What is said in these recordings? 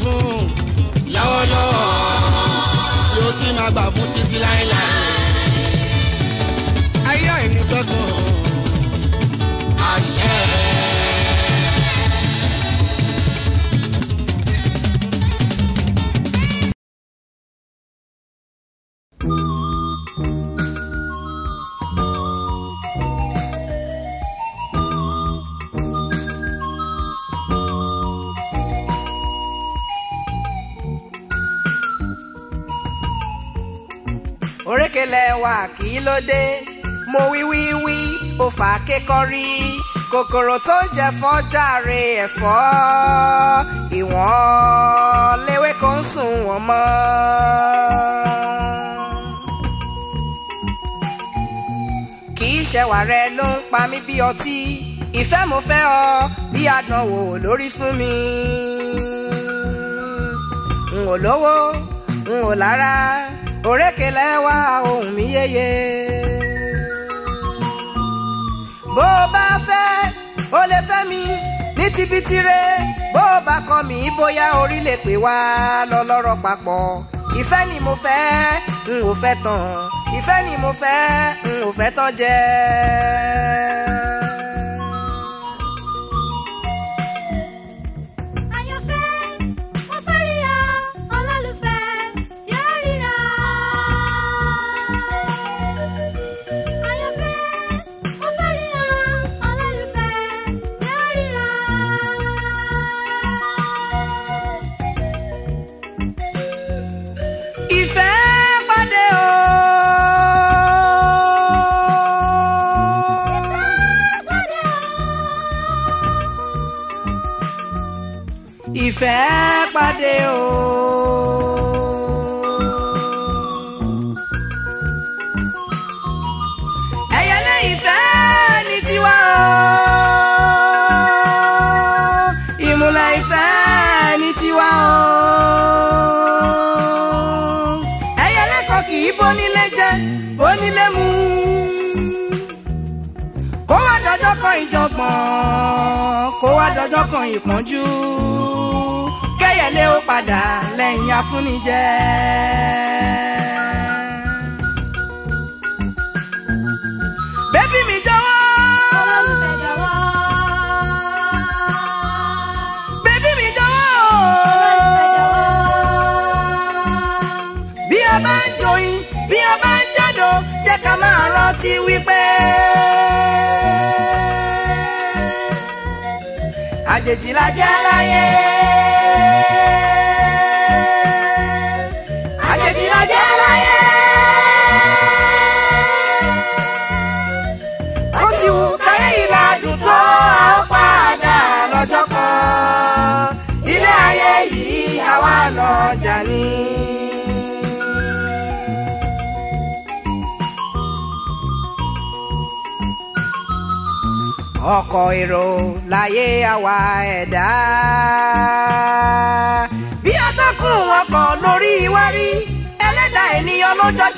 fún lọ́wọ́lọ́wọ́ tí ó sì máa gbà fún títí láéláé. lẹ́wà kí ló dé mo wí wí wí ó fà á kékọ́rí kòkòrò tó jẹ fọ́jàre ẹ̀fọ́ ìwọ̀n léwé kò ń sùn wọ́n mọ́. kì í ṣẹ̀wà rẹ ló ń pa mí bí ọtí ìfẹ́ mo fẹ́ ọ bí àdánwò lórí fún mi. n ò lówó n ò lára òrékè lẹ́wà ohùn mi yéye. bó o bá fẹ́ o lè fẹ́ mi ní tibitire bó o bá kọ̀ mí bóyá orí lè pè wá lọ́lọ́rọ̀ papọ̀ ìfẹ́ ni mo fẹ́ n ò fẹ́ tán ìfẹ́ ni mo fẹ́ n ò fẹ́ tán jẹ́. lọ́kàn ìpọ́njú kẹ́yẹ̀lé ó padà lẹ́yìn afúnijẹ. bébí mi jọ̀wọ́. bébí mi jọ̀wọ́. bí a bá ń joyin bí a bá ń jádò jẹ́ ká máa rántí wípé àjèjì la jẹ́ láyé. àjèjì la jẹ́ láyé. ó ti wù káyé ìlàdùn tó a ó padà lọ́jọ́ kan ilé ayé yìí àwa lọ́jà ni. oko iro layeyawdbia takuko luru iwari di eledinionjo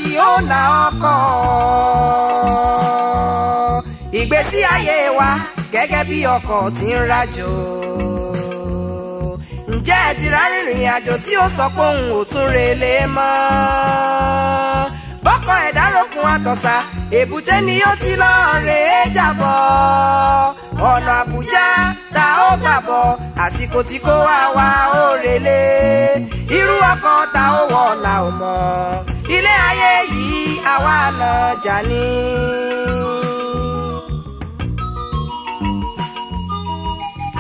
Igbesi aye wa gege bi oko ti ti nrajo njetirarirya joti ụsokponwu turu ele ma ọkọ ẹ̀dá ròkun àtọ̀sà èbúté ni ó ti lọ rèé jàbọ̀ ọ̀nà àbújá tá ó gbàbọ̀ àsìkò tí kò wá wá ó relé irú ọkọ̀ tá ó wọ̀ la ò mọ̀ ilé ayé yìí àwa lọ jà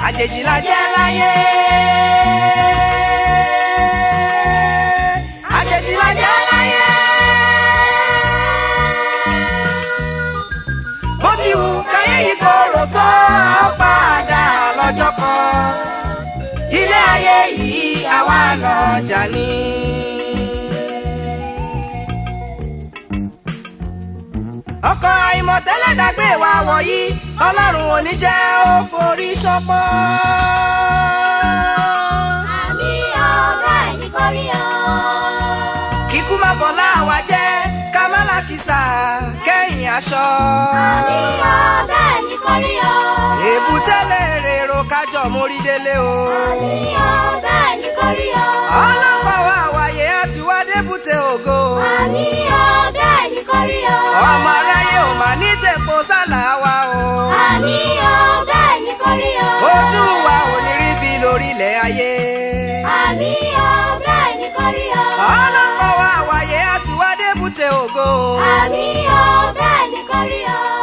àjèjì la jẹ́ láyé. wá lọ́jà ní. ọkọ̀ àìmọ̀tẹ́lẹ̀ dàgbé wa wọ̀nyí ọlọ́run ò ní jẹ́ ó forí ṣọpọ́. àmì ọ̀gá ẹ̀mí kọ́rí o. kíkú má bọ̀ láwa jẹ́ àkísà kẹ́yìn aṣọ. àníyàn bẹ́ẹ̀ ni kò rí o. èbútẹ́lẹ̀ èrò kájọ mórí délé o. àníyàn bẹ́ẹ̀ ni kò o. ọlọ́pàá wa àwàyè àti wá débùté ògo. àníyàn bẹ́ẹ̀ ni kò rí o. ọmọ aráyé ò máa ní tèpo sálà wa o. àníyàn bẹ́ẹ̀ ni kò o. ojú wa ò ní rí bí lórílẹ̀ ayé. àníyàn bẹ́ẹ̀ ni kò rí o. ọlọ́pàá ògo. àmì ọ̀ bẹ́ẹ̀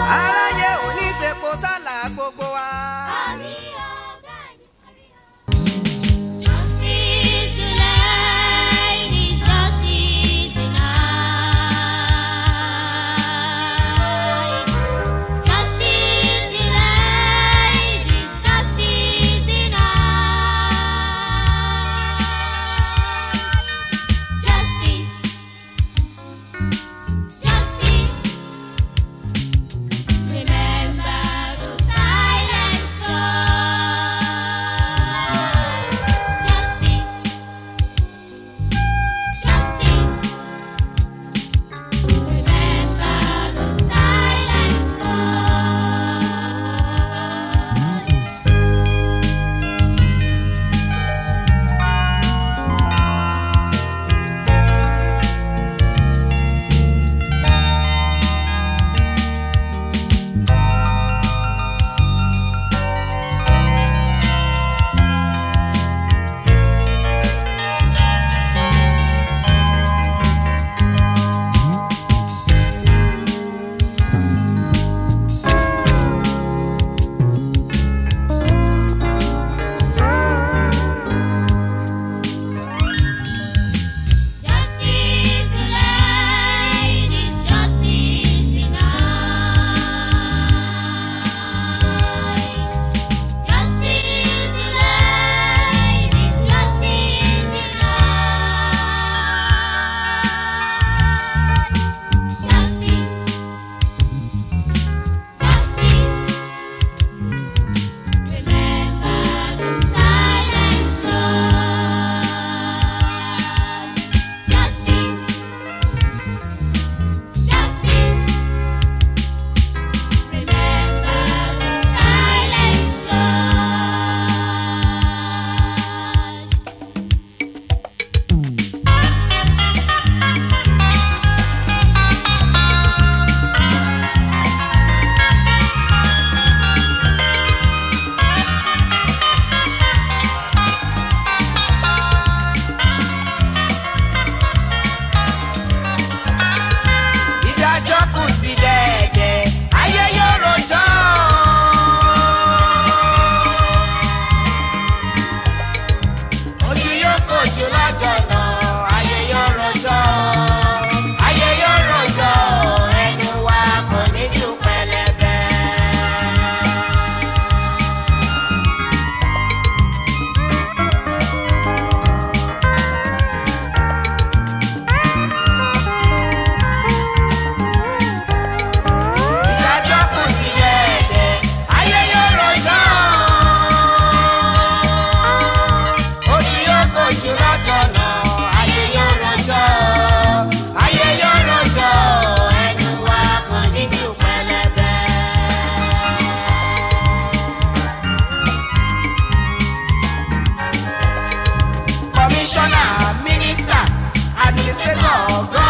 It's all gone.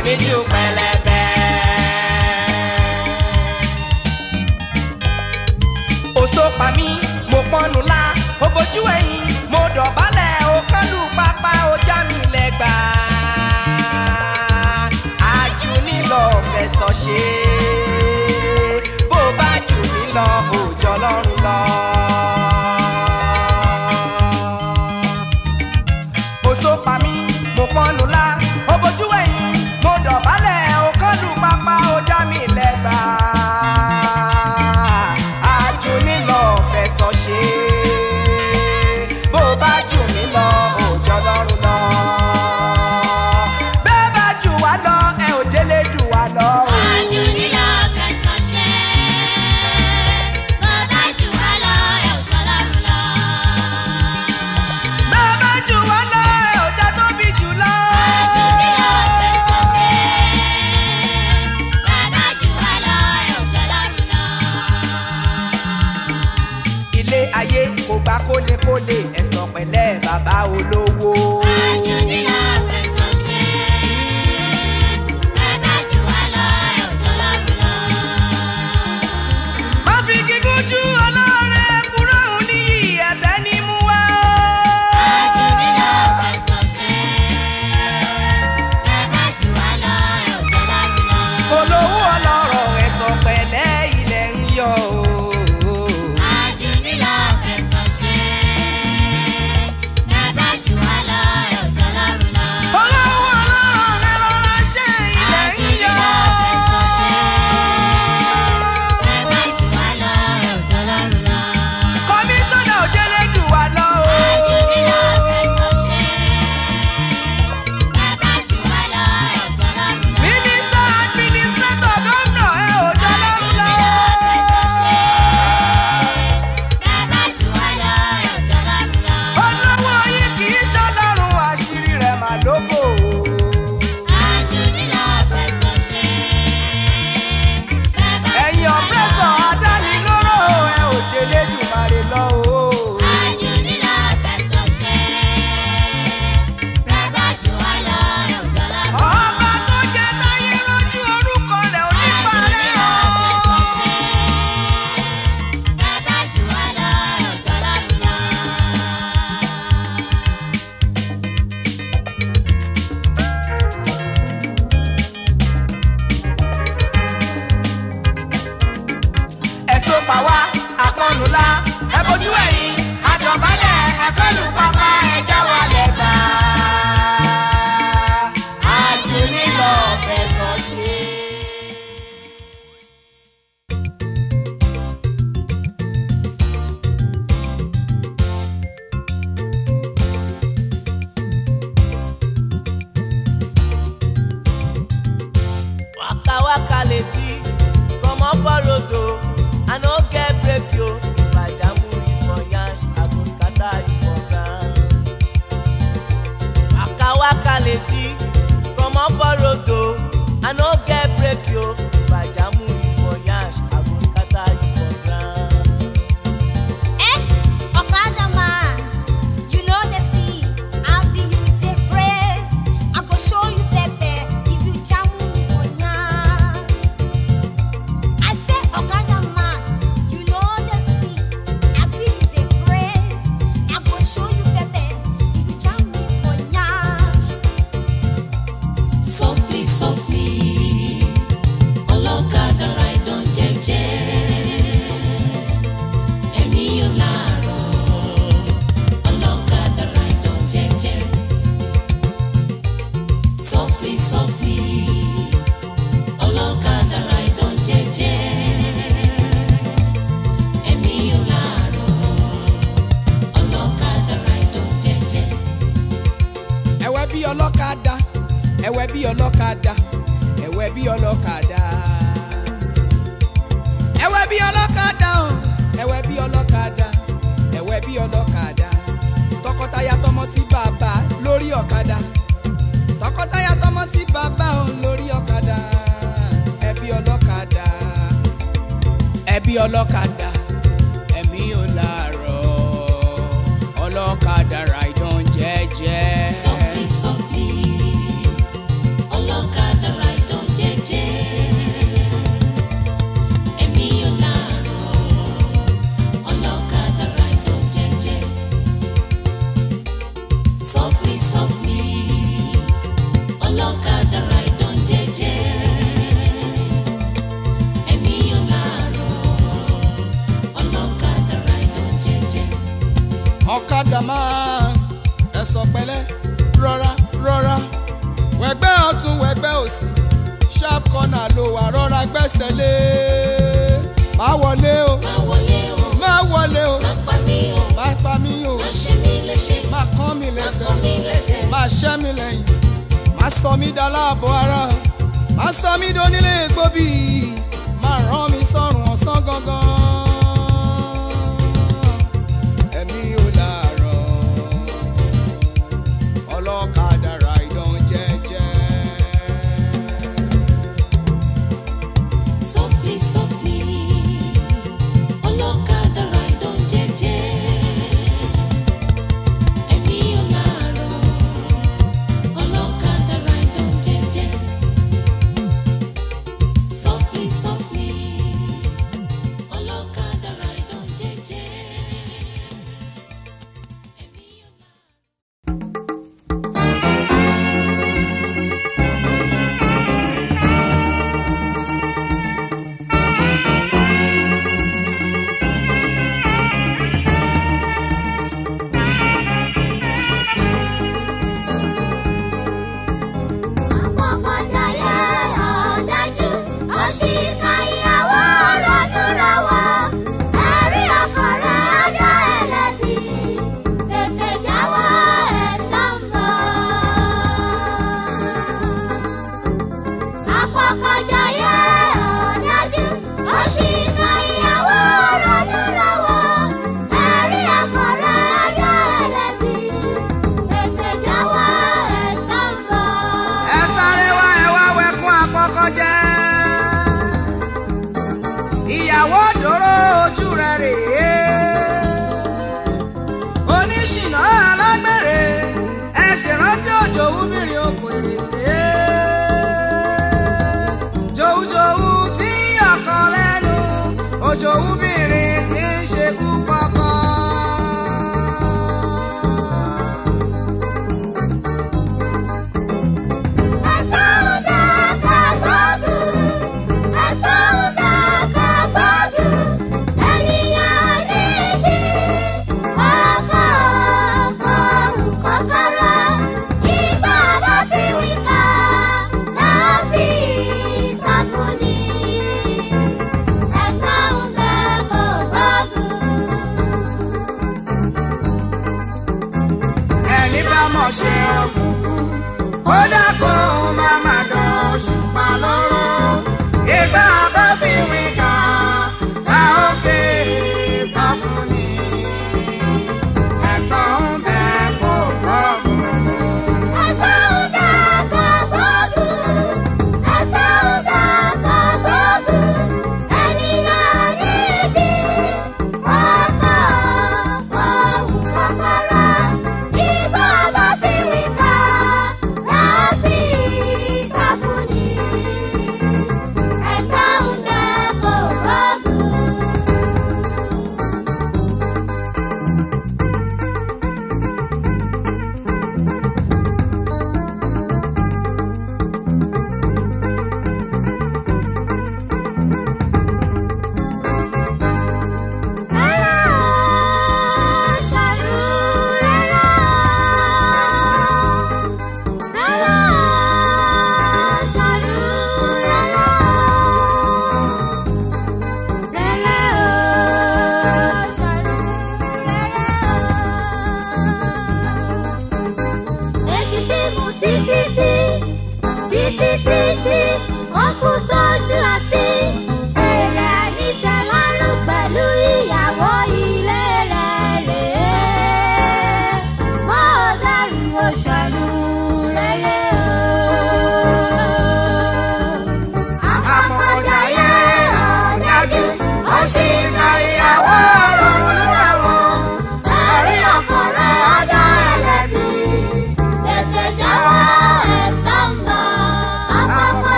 oníjú pẹlẹbẹ. òṣó la ó mo dọ̀bálẹ̀ ó kánú pápá ó já mi lẹ́gbàá. àjùní lọ fẹ̀sọ̀ ṣe bí ọlọ́kadà ẹ̀wẹ̀ bí ọlọ́kadà ẹ̀wẹ̀ bí ọlọ́kadà ẹ̀wẹ̀ bí ọlọ́kadà ẹ̀wẹ̀ bí ọlọ́kadà ẹ̀wẹ̀ bí ọlọ́kadà tọkọtaya tọmọ sí bàbá lórí ọ̀kadà tọkọtaya tọmọ sí bàbá òun lórí ọ̀kadà ẹbí ọlọ́kadà ẹbí ọlọ́kadà ọlọ́kadà ràìdán jẹ́jẹ́. Ma ẹ sọ pẹ̀lẹ́ rọra rọra wẹ̀gbẹ́ ọ̀tún wẹ̀gbẹ́ òsì sharp corner ló wà rọra gbẹ́sẹ̀ lé má wọlé o má wọlé o má wọlé o má pa mí o má pa mí o má ṣe mí léṣe má kán mi lẹ́sẹ̀ má ṣẹ́ mi lẹ́yìn má sọ mí daláàbò ara má sọ mí donílé gbóbi má rán mi sọ́run ọ̀sán gangan. ìṣòro ojú rẹ̀ rèé oníṣìnà alágbèrè ẹ ṣèrántí òjò wúbìrín oko èrè jòwújòwú tí ọkọ lẹ́nu òjòwú.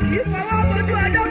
kì í fọwọ́ bojú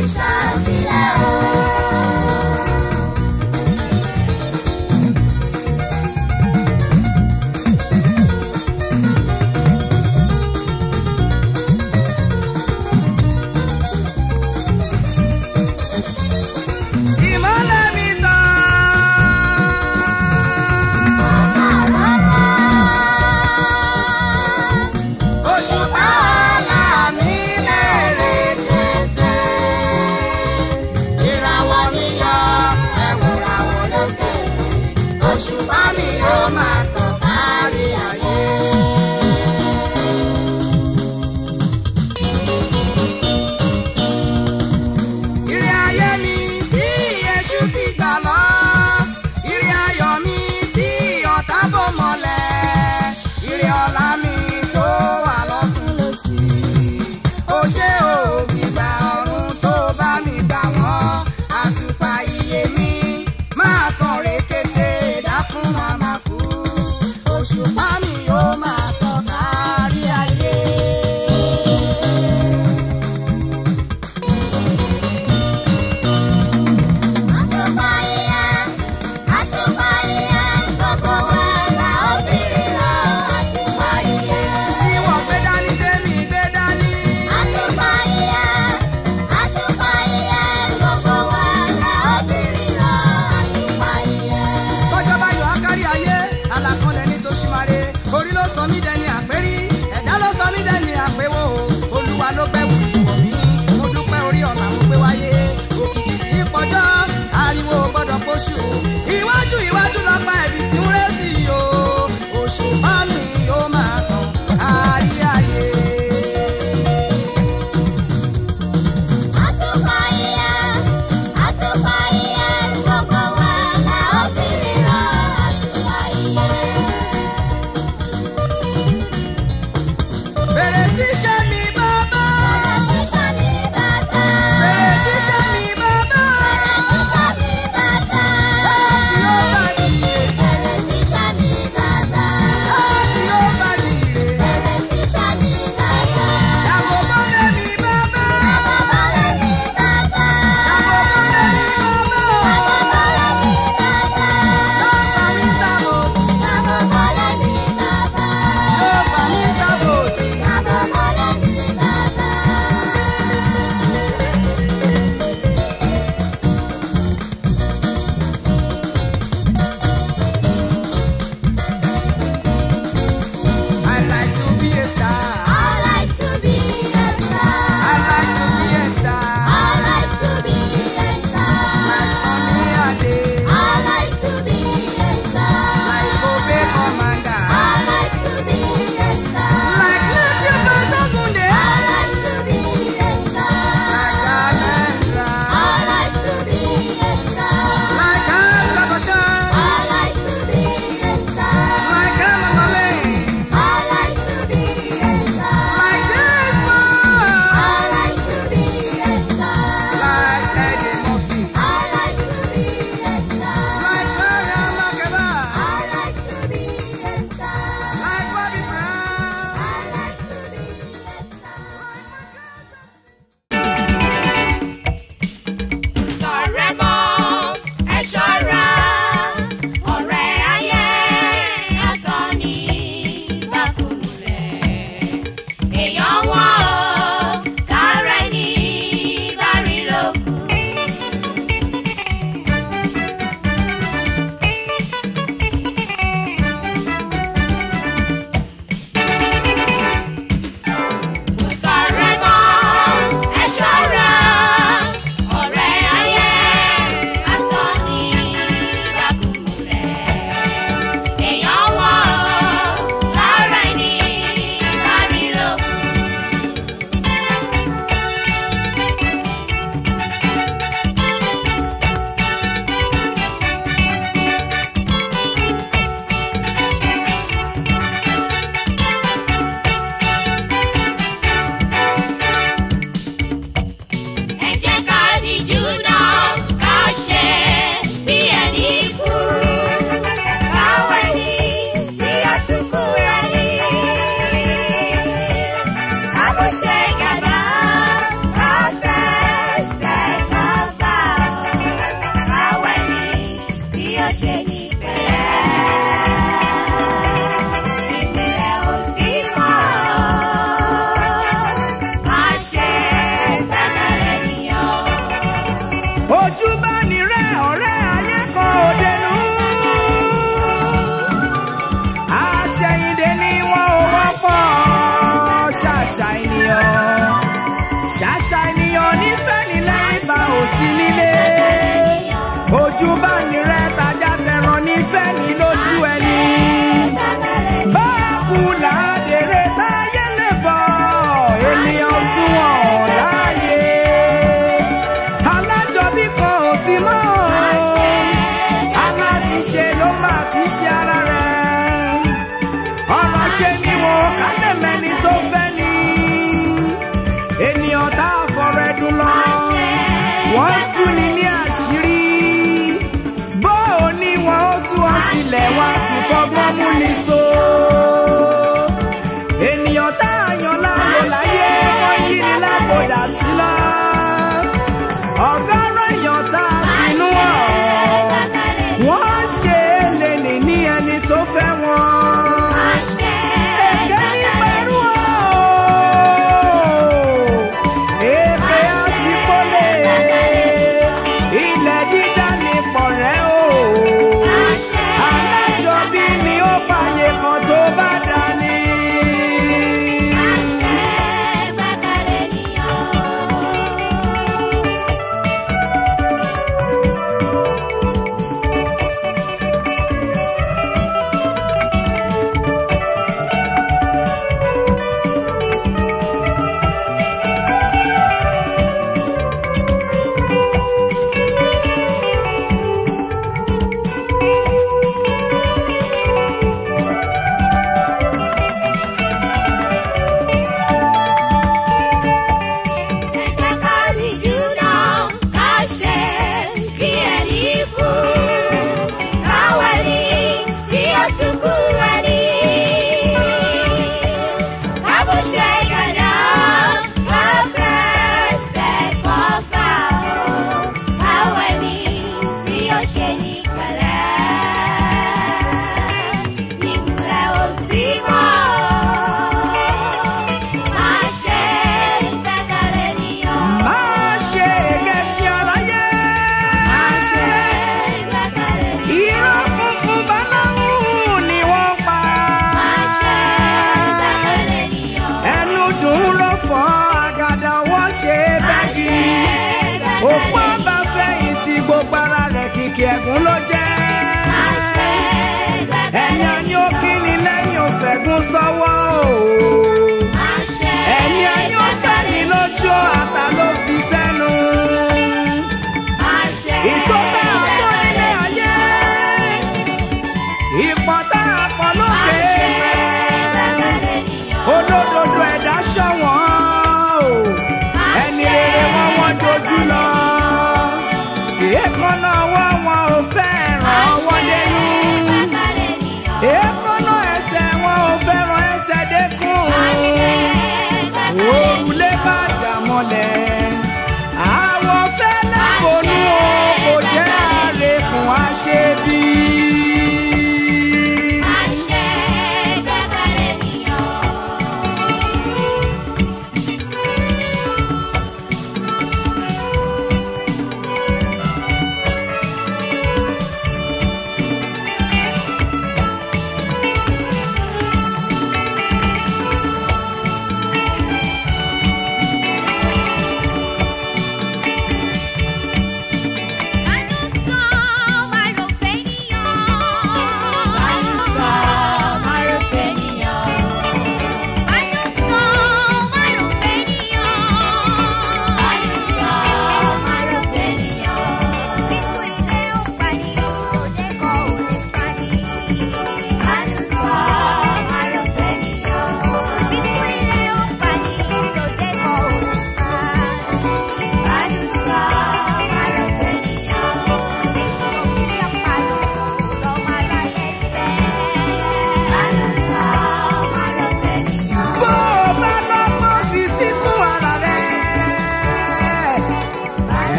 deixar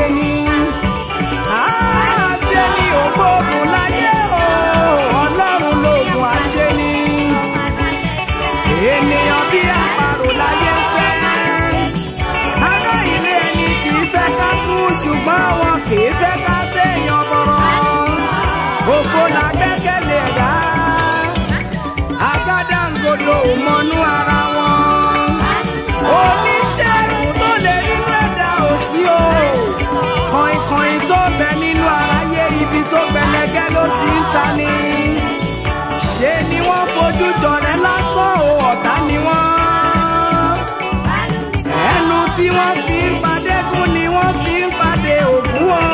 ṣe ni á o ọlọ́run lògùn àṣẹ ni ènìyàn bí àparò láyé fẹ́ ará ilé ẹni kì í fẹ́ ká kú ṣùgbọ́n wọn kì í fẹ́ ká béèyàn bọ̀rọ̀ òfò ẹ̀dá agbádá ń gbọdọ̀ òmọnú ara. tó gbẹlẹgẹ ló ti ń ta ni ṣe ni wọ́n fojú jọrẹ lásán o ọ̀tá ni wọ́n ẹnu tí wọ́n fi ń padé kún ni wọ́n fi ń padé òkú o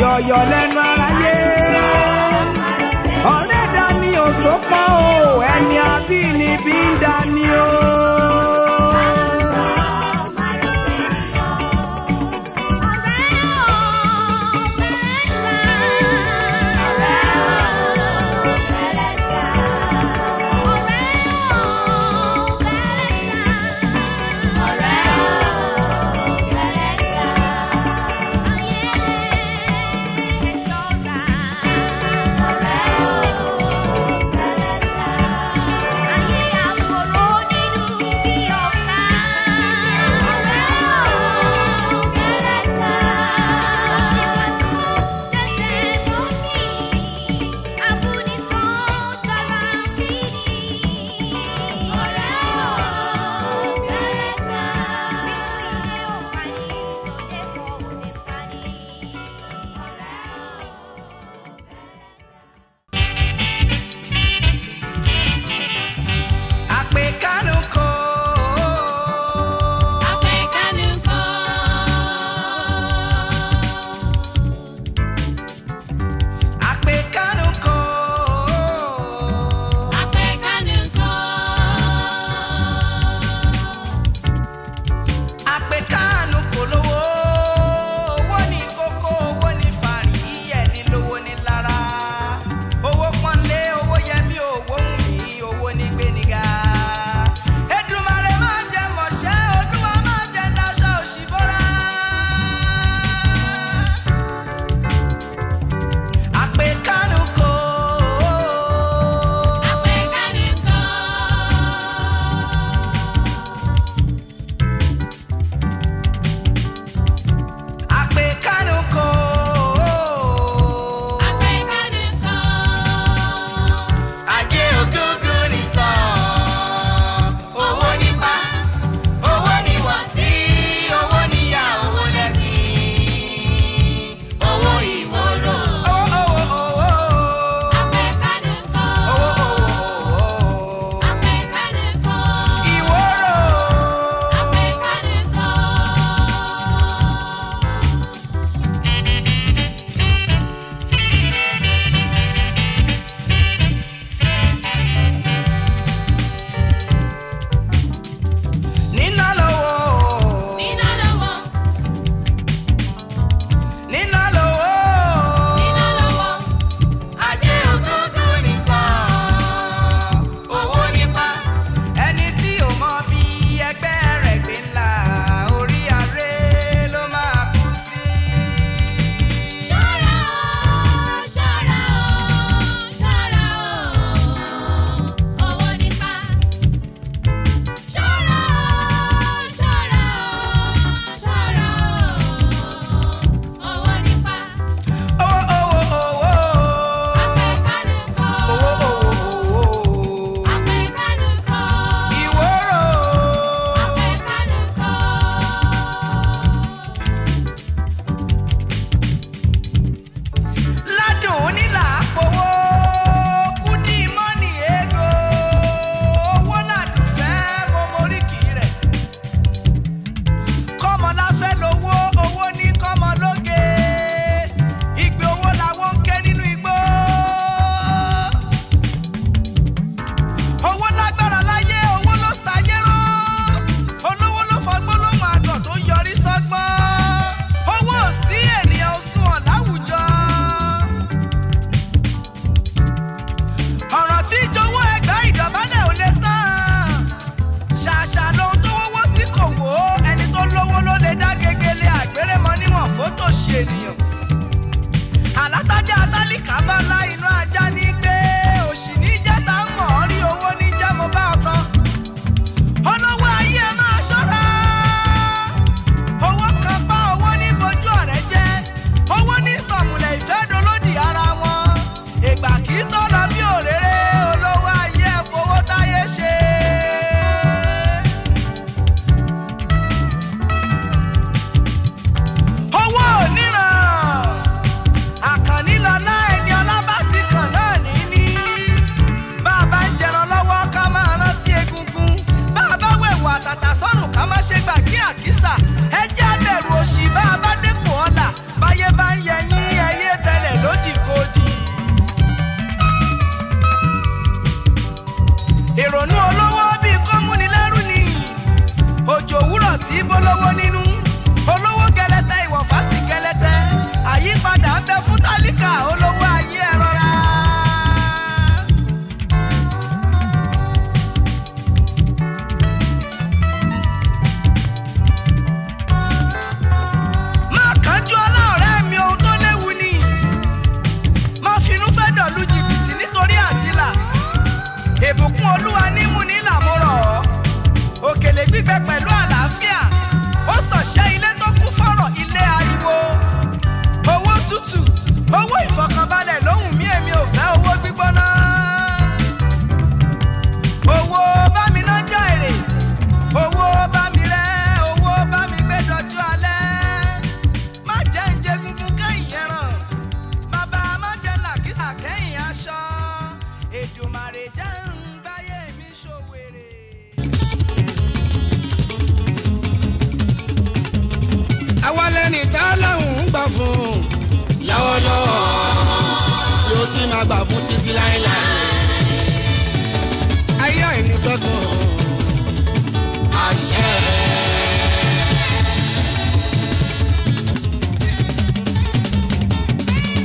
yọ̀yọ̀ lẹ́nu aráyé ọ̀rẹ́dà ni òṣòpọ̀ o ẹni abínibí ń dání o.